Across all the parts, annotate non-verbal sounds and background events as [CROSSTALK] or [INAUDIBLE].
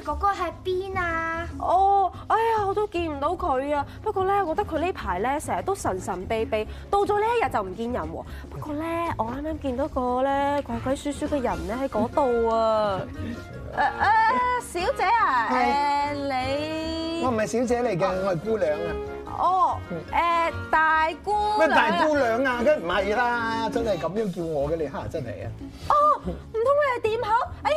哥哥喺邊啊？哦，哎呀，我都見唔到佢啊！不過咧，我覺得佢呢排咧成日都神神秘秘，到咗呢一日就唔見人。不過咧，我啱啱見到個咧鬼鬼祟祟嘅人咧喺嗰度啊！誒誒、 [LAUGHS] 呃，小姐啊，係你？我唔係小姐嚟嘅，我係姑娘啊！哦，誒、呃，大姑娘，咩大姑娘啊？梗唔係啦，真係咁樣叫我嘅你吓真係啊！哦，唔通佢係店口？哎呀！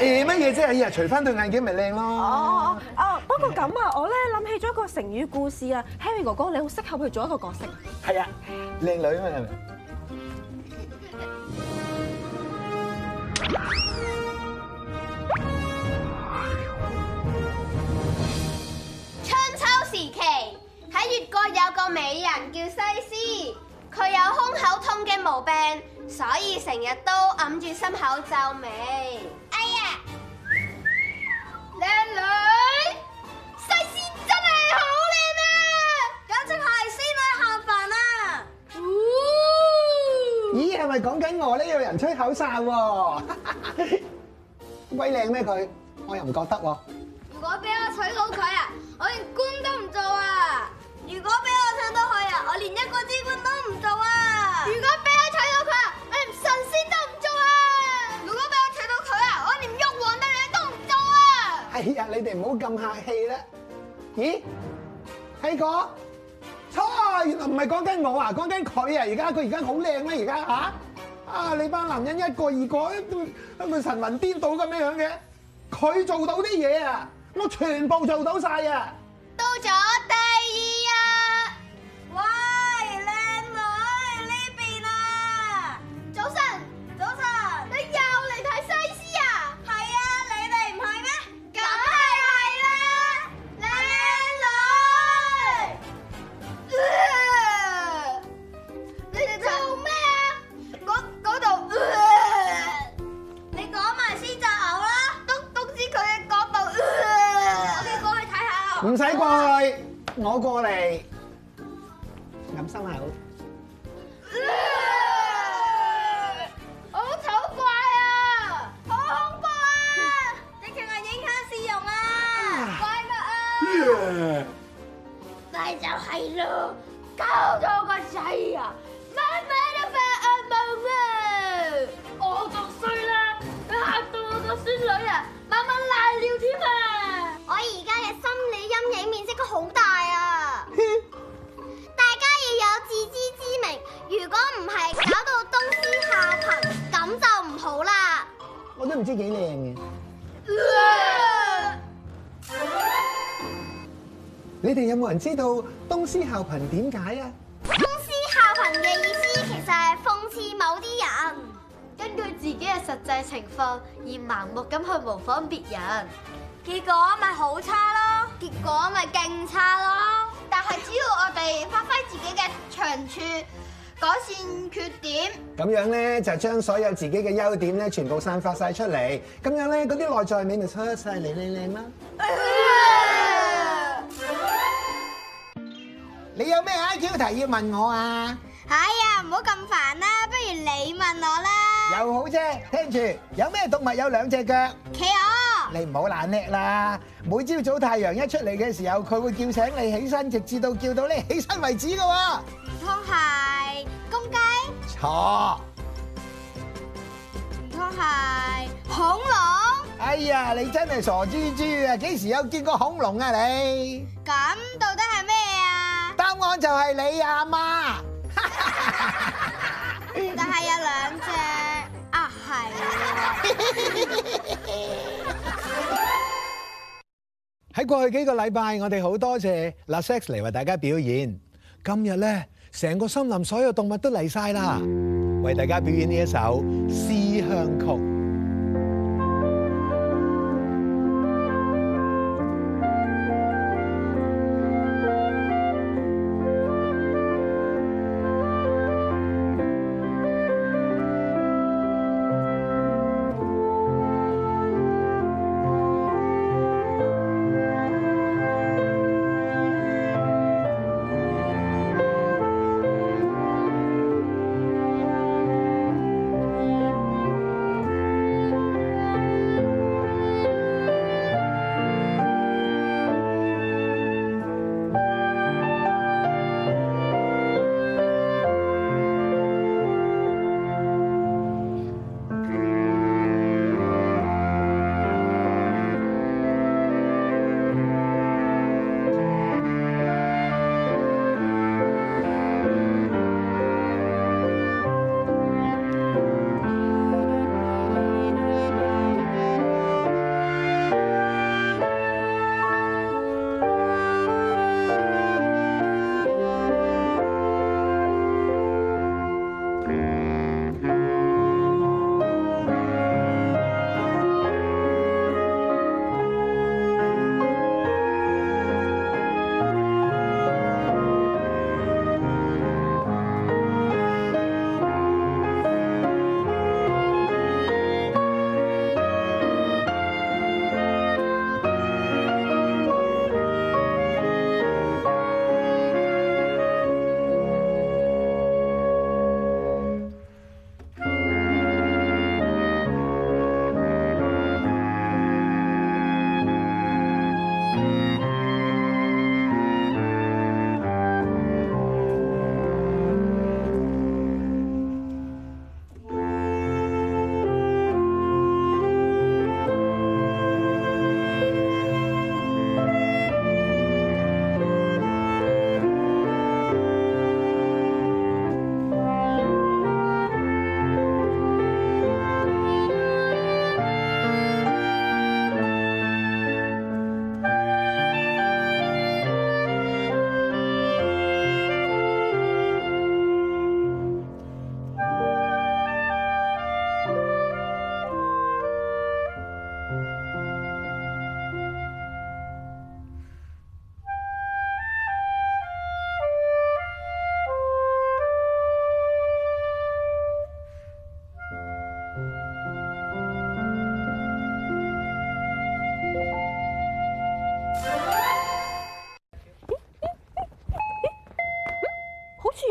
誒乜嘢啫？依啊，除翻對眼鏡咪靚咯！哦哦哦，不過咁啊，我咧諗起咗個成語故事啊，Harry 哥哥你好適合去做一個角色是。係啊，靚女咩？春秋時期喺越國有個美人叫西施，佢有胸口痛嘅毛病，所以成日都揞住心口皺眉。靚女，西施真係好靚啊，簡直係仙女下凡啊！哦、咦係咪講緊我呢？有人吹口哨喎、啊，鬼靚咩佢？我又唔覺得、啊。如果俾我娶到佢啊，我連官都唔做啊！咁客氣啦？咦，希哥，錯原來唔係講緊我啊，講緊佢啊！而家佢而家好靚啦，而家吓？啊！你班男人一個二個都都神魂顛倒咁樣嘅，佢做到啲嘢啊，我全部做到晒啊！唔使過去，我過嚟。噉生得好，好醜怪啊！好恐怖啊！直情係影下笑容啊！怪物啊！快就係咯，Go！你哋有冇人知道東施效顰點解啊？東施效顰嘅意思其實係諷刺某啲人，根據自己嘅實際情況而盲目咁去模仿別人，結果咪好差咯，結果咪勁差咯。但係只要我哋發揮自己嘅長處，改善缺點，咁樣咧就將所有自己嘅優點咧全部散發晒出嚟，咁樣咧嗰啲內在美咪出晒嚟靚靚嗎？ [LAUGHS] 你有咩 IQ 題要問我啊？哎呀，唔好咁煩啦，不如你問我啦。又好啫，聽住，有咩動物有兩隻腳？企鵝。你唔好懶叻啦，每朝早太陽一出嚟嘅時候，佢會叫醒你起身，直至到叫到你起身為止噶。唔通係公雞？錯。唔通係恐龍？哎呀，你真係傻豬豬啊！幾時有見過恐龍啊你？咁到底？答案就係你啊，阿媽。但係有兩隻啊，係喎。喺過去幾個禮拜，我哋好多謝 La Sax 嚟為大家表演。今日咧，成個森林所有動物都嚟晒啦，為大家表演呢一首《思鄉曲》。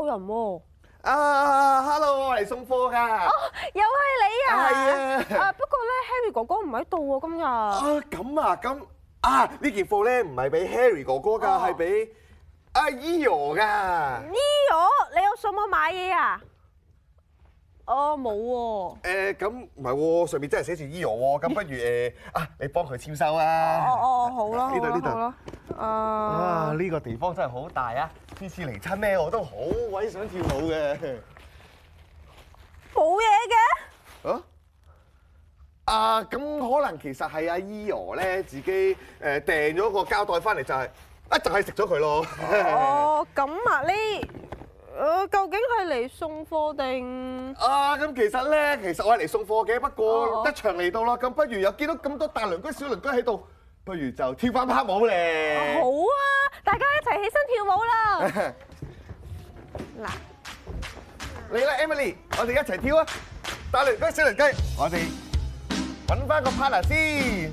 有人喎啊、uh，Hello，我嚟送貨噶哦，oh, 又係你啊，uh, yeah. uh, 不過咧，Harry 哥哥唔喺度啊，今日咁啊咁啊，呢、啊啊、件貨咧唔係俾 Harry 哥哥噶，係俾阿 Eyo 噶，Eyo，你有上網買嘢啊？哦，冇喎。誒，咁唔係喎，上面真係寫住 Ero 喎，咁不如誒啊，你幫佢簽收啊。哦哦，好啦，呢度呢度。啊。啊，呢個地方真係好大啊！次次嚟親咩我都好鬼想跳舞嘅。冇嘢嘅。啊？啊，咁可能其實係阿 Ero 咧自己誒訂咗個膠袋返嚟就係啊，就係食咗佢咯。哦，咁啊呢。誒，究竟係嚟送貨定？啊，咁其實咧，其實我係嚟送貨嘅，不過一場嚟到啦，咁不如又見到咁多大鄰居小鄰居喺度，不如就跳翻趴舞咧！好啊，大家一齊起身跳舞啦！嗱，嚟啦，Emily，我哋一齊跳啊！大鄰居小鄰居，我哋揾翻個 partner 先。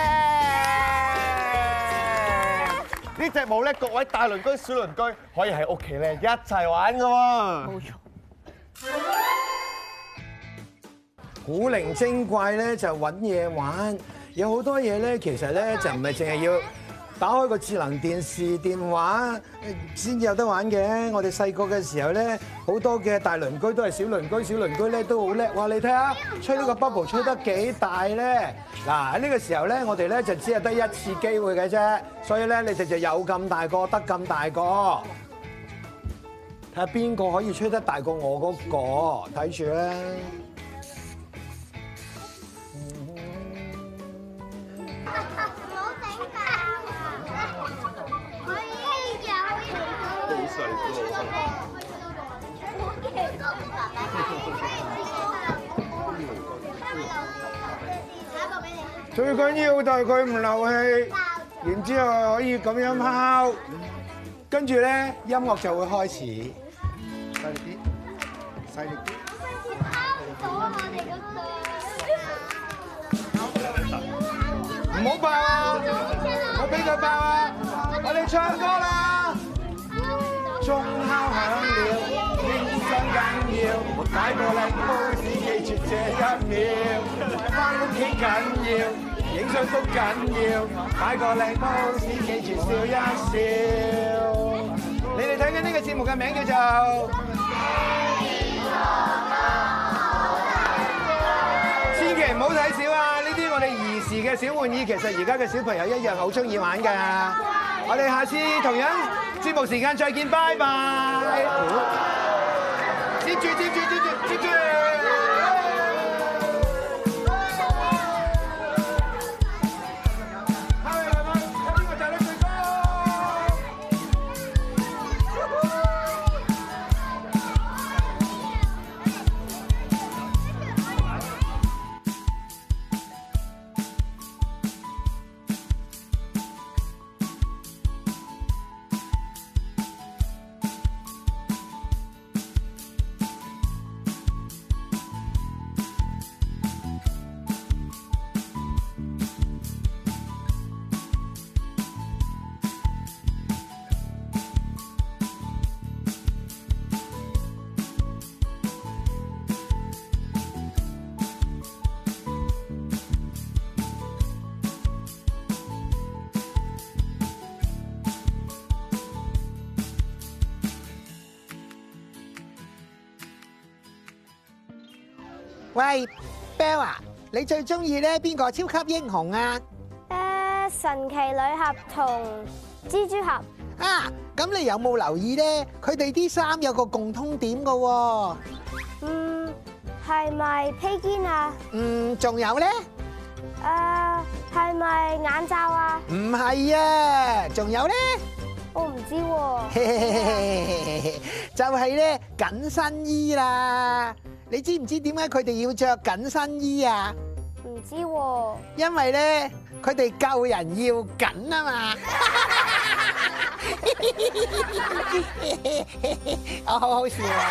呢隻舞咧，各位大鄰居、小鄰居可以喺屋企咧一齊玩噶喎。古靈精怪咧就揾嘢玩，有好多嘢咧，其實咧就唔係淨係要打開個智能電視、電話先至有得玩嘅。我哋細個嘅時候咧，好多嘅大鄰居都係小鄰居，小鄰居咧都好叻。哇！你睇下，吹呢個 bubble 吹得幾大咧？嗱，喺呢個時候咧，我哋咧就只係得一次機會嘅啫。所以咧，你哋就有咁大個，得咁大個。睇下邊個可以吹得大過我嗰個？睇住啦。最緊要就係佢唔漏氣，然之後可以咁樣敲，跟住咧音樂就會開始。細力啲，細力啲！唔好爆啊！我俾佢爆啊！我哋唱歌啦！鐘敲響了，慶祝緊要，帶我哋報喜去。緊要，影相都緊要，擺個靚 pose 記住笑一笑。你哋睇緊呢個節目嘅名叫做，就是。千祈唔好睇少啊！呢啲我哋兒時嘅小玩意，其實而家嘅小朋友一樣好中意玩噶。我哋下次同樣節目時間再見，拜拜。接，接住，接住，接住。喂，Bella，你最中意咧邊個超級英雄啊？誒、呃，神奇女俠同蜘蛛俠啊？咁你有冇留意咧？佢哋啲衫有個共通點噶、啊？嗯，係咪披肩啊？嗯，仲有咧？誒、呃，係咪眼罩啊？唔係啊，仲有咧？我唔知喎、啊。 [LAUGHS] 就係咧，緊身衣啦。你知唔知點解佢哋要着緊身衣啊？唔知喎，因為咧佢哋救人要緊啊嘛。我好好笑啊！